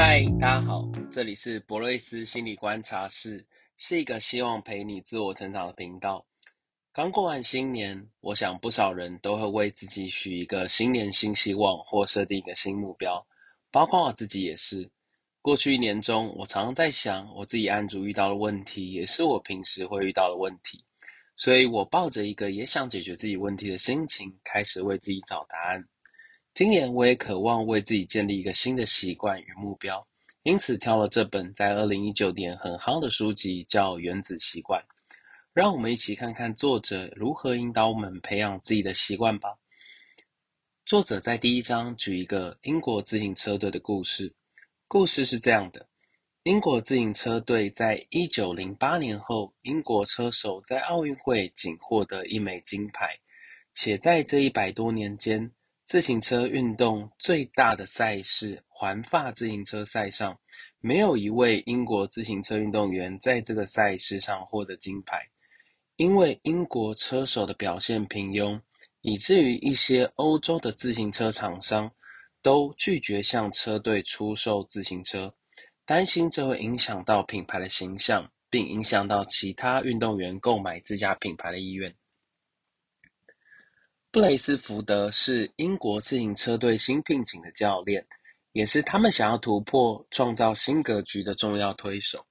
嗨，Hi, 大家好，這裡是博瑞斯心理觀察室，是一個希望陪你自我成長的頻道。剛過完新年，我想不少人都會為自己許一個新年新希望或設定一個新目標，包括我自己也是。過去一年中，我常常在想我自己案主遇到的問題，也是我平時會遇到的問題，所以我抱着一個也想解決自己問題的心情，開始為自己找答案。今年我也渴望為自己建立一個新的習慣與目標，因此挑了這本在二零一九年很夯的書籍，叫《原子習慣》。讓我們一起看看作者如何引導我們培養自己的習慣吧。作者在第一章舉一個英國自行車隊的故事，故事是這樣的：英國自行車隊在一九零八年後，英國車手在奧運會僅獲得一枚金牌，且在這一百多年間。自行車運動最大的賽事——環法自行車賽上，沒有一位英國自行車運動員在這個賽事上獲得金牌，因為英國車手的表現平庸，以至於一些歐洲的自行車廠商都拒絕向車隊出售自行車，擔心這會影響到品牌的形象，並影響到其他運動員購買自家品牌的意願。布雷斯福德是英國自行車隊新聘請的教練，也是他們想要突破、創造新格局的重要推手。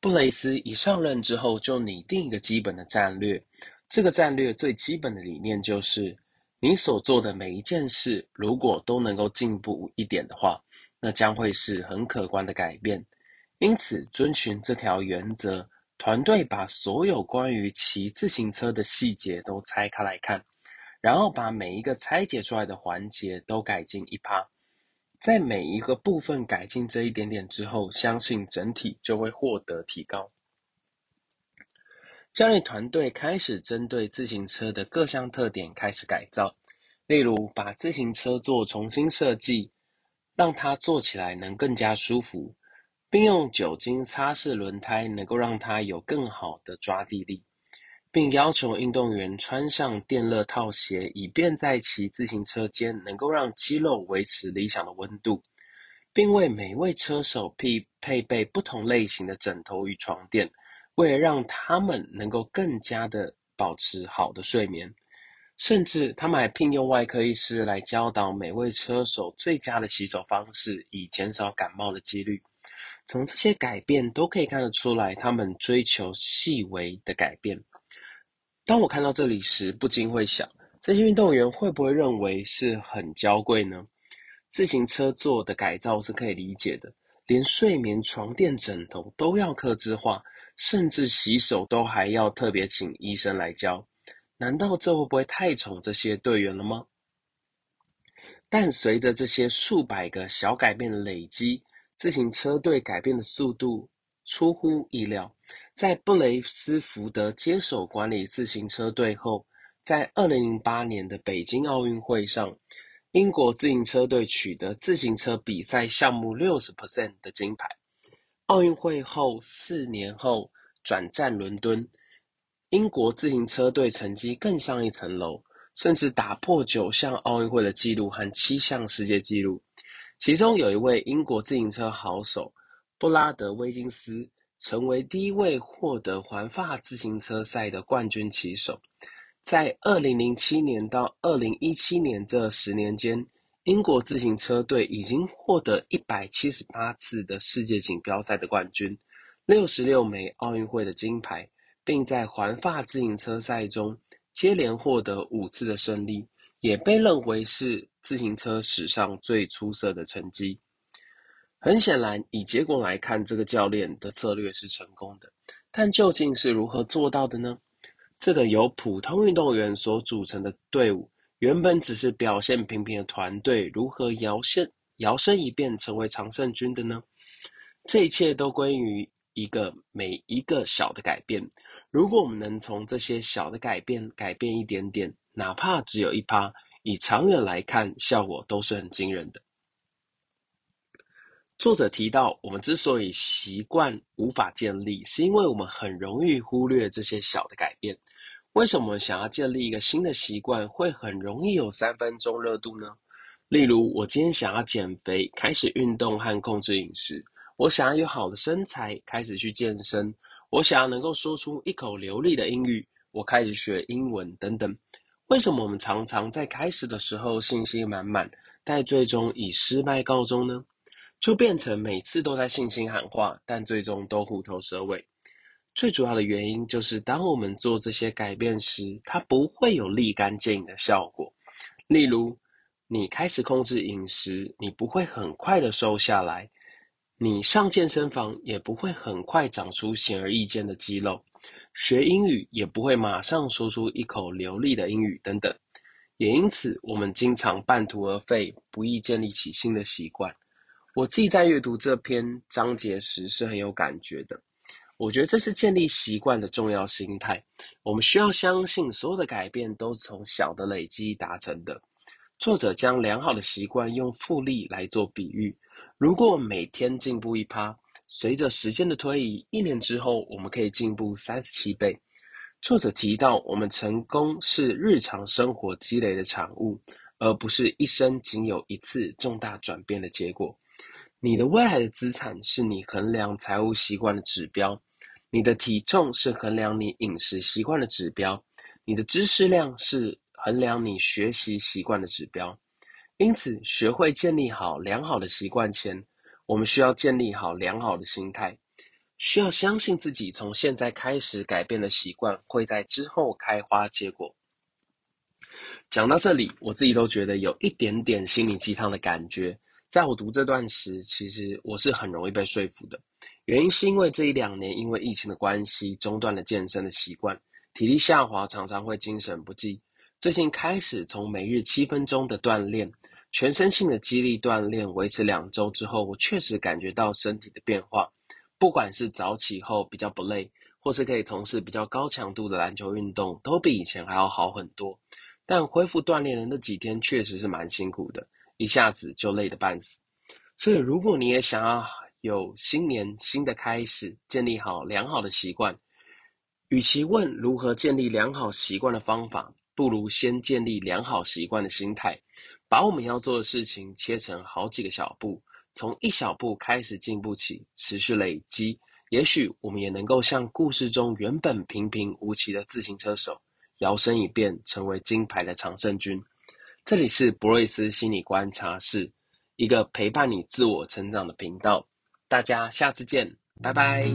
布雷斯一上任之後，就擬定一個基本的戰略。這個戰略最基本的理念就是：你所做的每一件事，如果都能夠進步一點的話，那將會是很可觀的改變。因此，遵循這條原則，團隊把所有關於騎自行車的細節都拆開來看。然後把每一個拆解出來的環節都改進一趴，在每一個部分改進這一點點之後，相信整體就會獲得提高。教練團隊開始針對自行車的各項特點開始改造，例如把自行車座重新設計，讓它坐起來能更加舒服，並用酒精擦拭輪胎，能夠讓它有更好的抓地力。並要求運動員穿上電熱套鞋，以便在其自行車間能夠讓肌肉維持理想的溫度，並為每位車手配配備不同類型的枕頭與床墊，為了讓他們能夠更加的保持好的睡眠。甚至他們還聘用外科醫師來教導每位車手最佳的洗手方式，以減少感冒的幾率。從這些改變都可以看得出來，他們追求細微的改變。當我看到這裡時，不禁會想：這些運動員會不會認為是很嬌貴呢？自行車座的改造是可以理解的，連睡眠床墊、枕頭都要客製化，甚至洗手都還要特別請醫生來教。難道這會不會太寵這些隊員了嗎？但隨着這些數百個小改變的累積，自行車隊改變的速度。出乎意料，在布雷斯福德接手管理自行車隊後，在二零零八年的北京奧運會上，英國自行車隊取得自行車比賽項目六十%的金牌。奧運會後四年後轉戰倫敦，英國自行車隊成績更上一層樓，甚至打破九項奧運會的紀錄和七項世界紀錄，其中有一位英國自行車好手，布拉德·威金斯成為第一位獲得環法自行車賽的冠軍騎手。在2007年到2017年這十年間，英國自行車隊已經獲得178次的世界錦標賽的冠軍，66枚奧運會的金牌，並在環法自行車賽中接連獲得五次的勝利，也被認為是自行車史上最出色的成績。很顯然，以結果來看，這個教練的策略是成功的。但究竟是如何做到的呢？這個由普通運動員所組成的隊伍，原本只是表現平平的團隊，如何搖身搖身一變成為常勝軍的呢？這一切都歸於一個每一個小的改變。如果我們能從這些小的改變改變一點點，哪怕只有一趴，以長遠來看，效果都是很驚人的。作者提到，我們之所以習慣無法建立，是因為我們很容易忽略這些小的改變。為什麼想要建立一個新的習慣會很容易有三分鐘熱度呢？例如，我今天想要減肥，開始運動和控制飲食；我想要有好的身材，開始去健身；我想要能夠說出一口流利的英語，我開始學英文等等。為什麼我們常常在開始的時候信心滿滿，但最終以失敗告終呢？就變成每次都在信心喊話，但最終都虎頭蛇尾。最主要的原因就是，當我們做這些改變時，它不會有立竿見影的效果。例如，你開始控制飲食，你不會很快的瘦下來；你上健身房也不會很快長出顯而易見的肌肉；學英語也不會馬上說出一口流利的英語等等。也因此，我們經常半途而廢，不易建立起新的習慣。我自己在閱讀這篇章節時是很有感覺的，我覺得這是建立習慣的重要心態。我們需要相信所有的改變都是從小的累積達成的。作者將良好的習慣用複利來做比喻，如果每天進步一趴，隨着時間的推移，一年之後我們可以進步三十七倍。作者提到，我們成功是日常生活積累的產物，而不是一生僅有一次重大轉變的結果。你的未來的資產是你衡量財務習慣的指標，你的體重是衡量你飲食習慣的指標，你的知識量是衡量你學習習慣的指標。因此，學會建立好良好的習慣前，我們需要建立好良好的心態，需要相信自己從現在開始改變的習慣會在之後開花結果。講到這裡，我自己都覺得有一點點心靈雞湯的感覺。在我讀這段時，其實我是很容易被說服的。原因是因為這一兩年因為疫情的關係中斷了健身的習慣，體力下滑，常常會精神不濟。最近開始從每日七分鐘的鍛鍊，全身性的肌力鍛鍊，維持兩週之後，我確實感覺到身體的變化。不管是早起後比較不累，或是可以從事比較高強度的籃球運動，都比以前還要好很多。但恢復鍛鍊的那幾天確實是蠻辛苦的。一下子就累得半死，所以如果你也想要有新年新的開始，建立好良好的習慣，與其問如何建立良好習慣的方法，不如先建立良好習慣的心態。把我們要做的事情切成好幾個小步，從一小步開始進步起，持續累積，也許我們也能夠像故事中原本平平無奇的自行車手，搖身一變成為金牌的常勝軍。這裡是博瑞斯心理觀察室，一個陪伴你自我成長的頻道。大家下次見，拜拜。